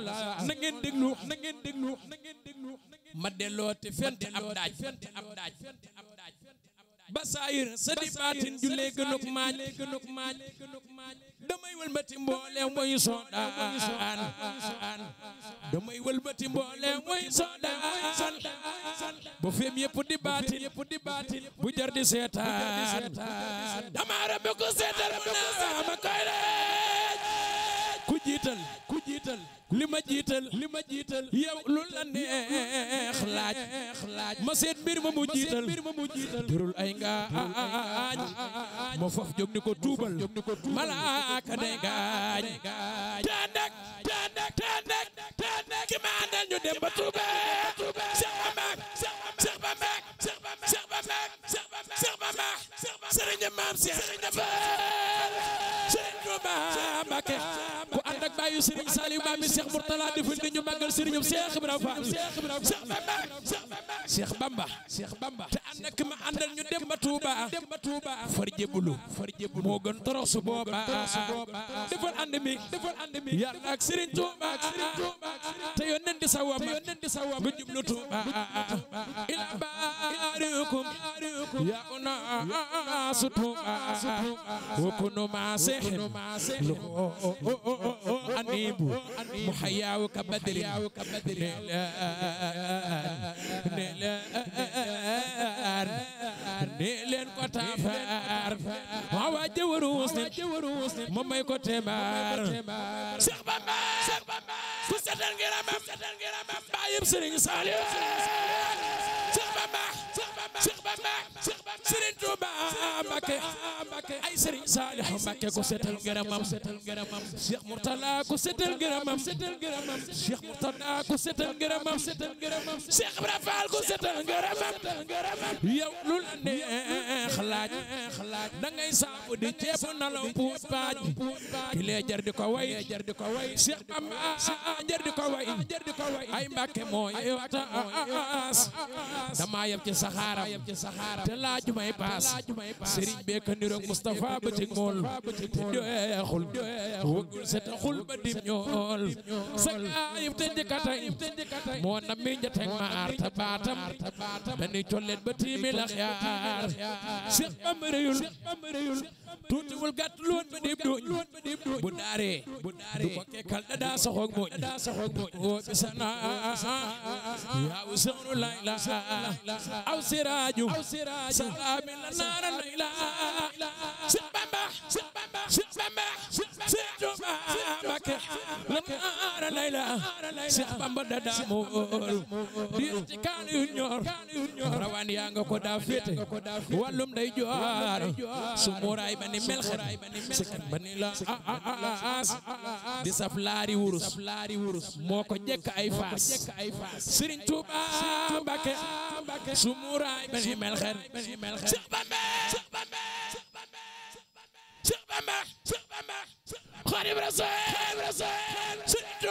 na ngeen déglu na ngeen déglu na ngeen déglu ma delloo te fent ab daaj fent ab daaj ba saayir sa di baatin jullee gënuk maaj gënuk maaj damay wëlbati mbooleem mooy soodaan damay wëlbati mbooleem mooy soodaan di baatin bu jar di seetaan dama rabbi ko seetaan ma koy reej ku jiital li ma jiital li ma jiital yow lu la neex laaj laaj ma seet mbir ma mu jiital turul ay ngaañ ma faf jóg ni ko tuubal malaaka day gaañ te ndek te ndek te ndek ki ma àndal ñu dem ba tuube Cheikh Bamba Cheikh Bamba Cheikh Bamba Cheikh Bamba Cheikh Bamba Serigne Mame Cheikh Serigne Saliou Mame Cheikh Mourtala defal nañu màggal Serigne Cheikh Ibrahima Fall Bamba Cheikh Bamba Cheikh Bamba te ma àndal ñu dem ba Touba dem ba Touba far jébulu far jébulu moo gën torosu booba defal ànd mi defal ànd mi yàlla ak Serigne Touba ak Serigne Touba te yónneen di sa wama yónneen di sa wama jublu Touba ila baarikum ya una kunu ma seexin النيب محياه كبدر نيلن كتافار هو جوروس جوروس ممي كتمار شيخ بابا شيخ بابا كسدان غيرام كسدان غيرام بايم سيرين سالي شيخ بابا شيخ بابا شيخ بابا سيرين توبا مكه Baay Serigne Saliou Mbacké ko setal ngërëmam setal ngërëmam Cheikh Mourtala ko setal ngërëmam setal ngërëmam Cheikh Mourtala ko setal ngërëmam setal ngërëmam Cheikh Ibra Fall ko setal ngërëmam ngërëmam yow lu la neex saabu di ceebu nalaw puus paaj kile jar di ko way jar di ko way si am jar di ko way ay mbàkke mooy ta ah, ah, ah, aas dama yab ci saxaaram te laaju may paas sëriñ bee ka niroog Moustapha ba ci mool doxul wëggul se taxul ba dim ñool sa ayib te njëkkatay moo na mi njateg ma aar ta baatam dañuy collet ba tiimi la xiyaar si am réyul rëyul tuutiwul gàttul woon ba dem dooñ bu daaree du ko kekkal da daa soxoog mooñ woo bisana yaa u sënu lay la aw siraaju salaami la naara lay la Cheikh Bamba da daa mu óolu diirti kaan yu ñoor yaa nga ko daa féete day joor su muuraay ba ni melxet ba ni la aas ah, ah, ah, di saf laari wurus moo ko jekk ay faas Serigne Touba Mbakke su muuraay ba ni melxet Cheikh Bamba Cheikh Bamba Cheikh Bamba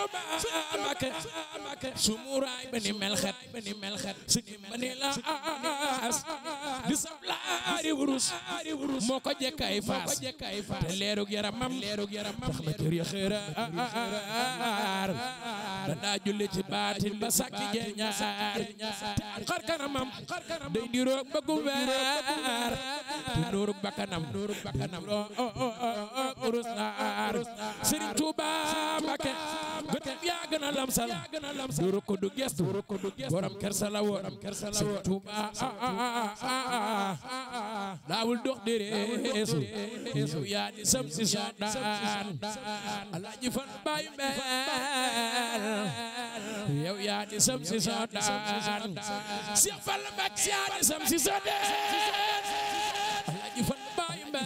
مكة سموراي بني ملخت بني ملخت سني بني لا أس بسبلا أري بروس أري بروس موكا جكا إفاس موكا جكا إفاس ليرو جرا مام ليرو جرا مام تخلى جري خيرا دنا جولي تباتين بساكي جنيا خار كرامام خار كرامام دي ديرو بغوبار نورك بكنام نورك بكنام urus naa aar Serigne Touba Mbakke gëtam yaa gën a lamsal du rukk du gestu borom kersa la woon Serigne Touba ah, ah, ah, daawul dox dereesu yow yaa di sam si sondaan alaaji fan baay meel yow yaa di sam si sondaan Cheikh Fall Mbakke yaa di sam si sondaan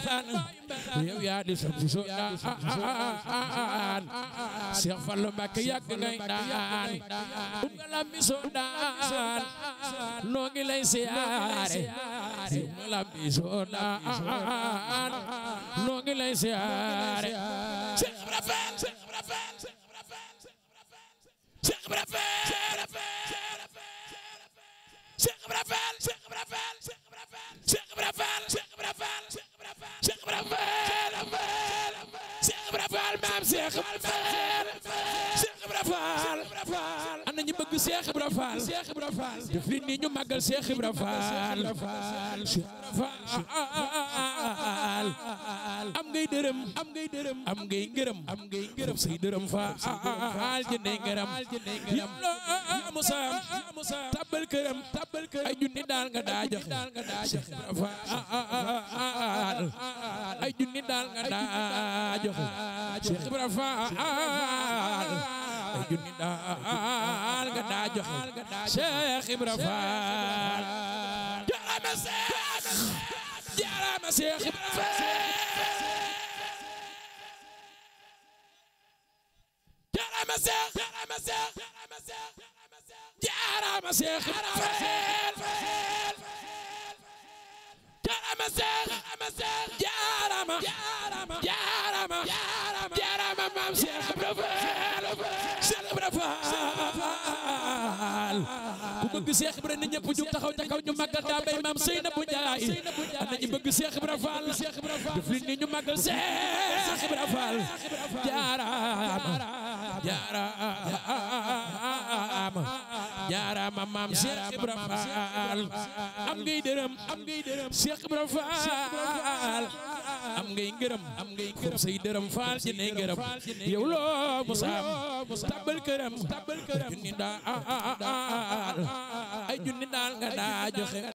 mbeetaan yow yaa di sab si soodaan ah, ah, ah, Cheikh Fallou Mbacké yàgg ngay daan bu nga lambi soodaan noo ngi lay siyaare bu nga lambi soodaan noo ngi lay siyaare Cheikh Rafal Cheikh Ibra Fall maam Cheikh Ibra Fall ana ñu bëgg Cheikh Ibra Fall Cheikh Ibra Fall def li ni ñu màggal Cheikh Ibra Fall Cheikh Ibra Fall am ngay dërëm am ngay am ngërëm am ngay ngërëm say dërëm fa ah, ah, ah, al ngërëm yam lo musa musa tabal këram ay junni daal nga daa joxe fa ay nga daa joxe Cheikh ay junni daal nga daa joxe Cheikh Ibra Fall jaarama Cheikh jaarama Cheikh Ibra jaaraama seex jaaraama jaaraama jaaraama maam seex Ibra Faal ku bëgg seex Ibra ne ñëpp jug taxaw ca kaw ñu màggal daa bay maam Seynabu Njaay ana ñu bëgg seex Ibra Faal def li ni ñu màggal seex Ibra Faal jaaraama jaaraama jaaraama maam Cheikh Ibra Faal am ngay dërëm am ngay dërëm Cheikh Ibra Faal am ngay ngërëm am ngay ngërëm say dërëm faal ci nay ngërëm yow loo musaam tabal këram tabal këram junni daal ay junni daal nga daa joxe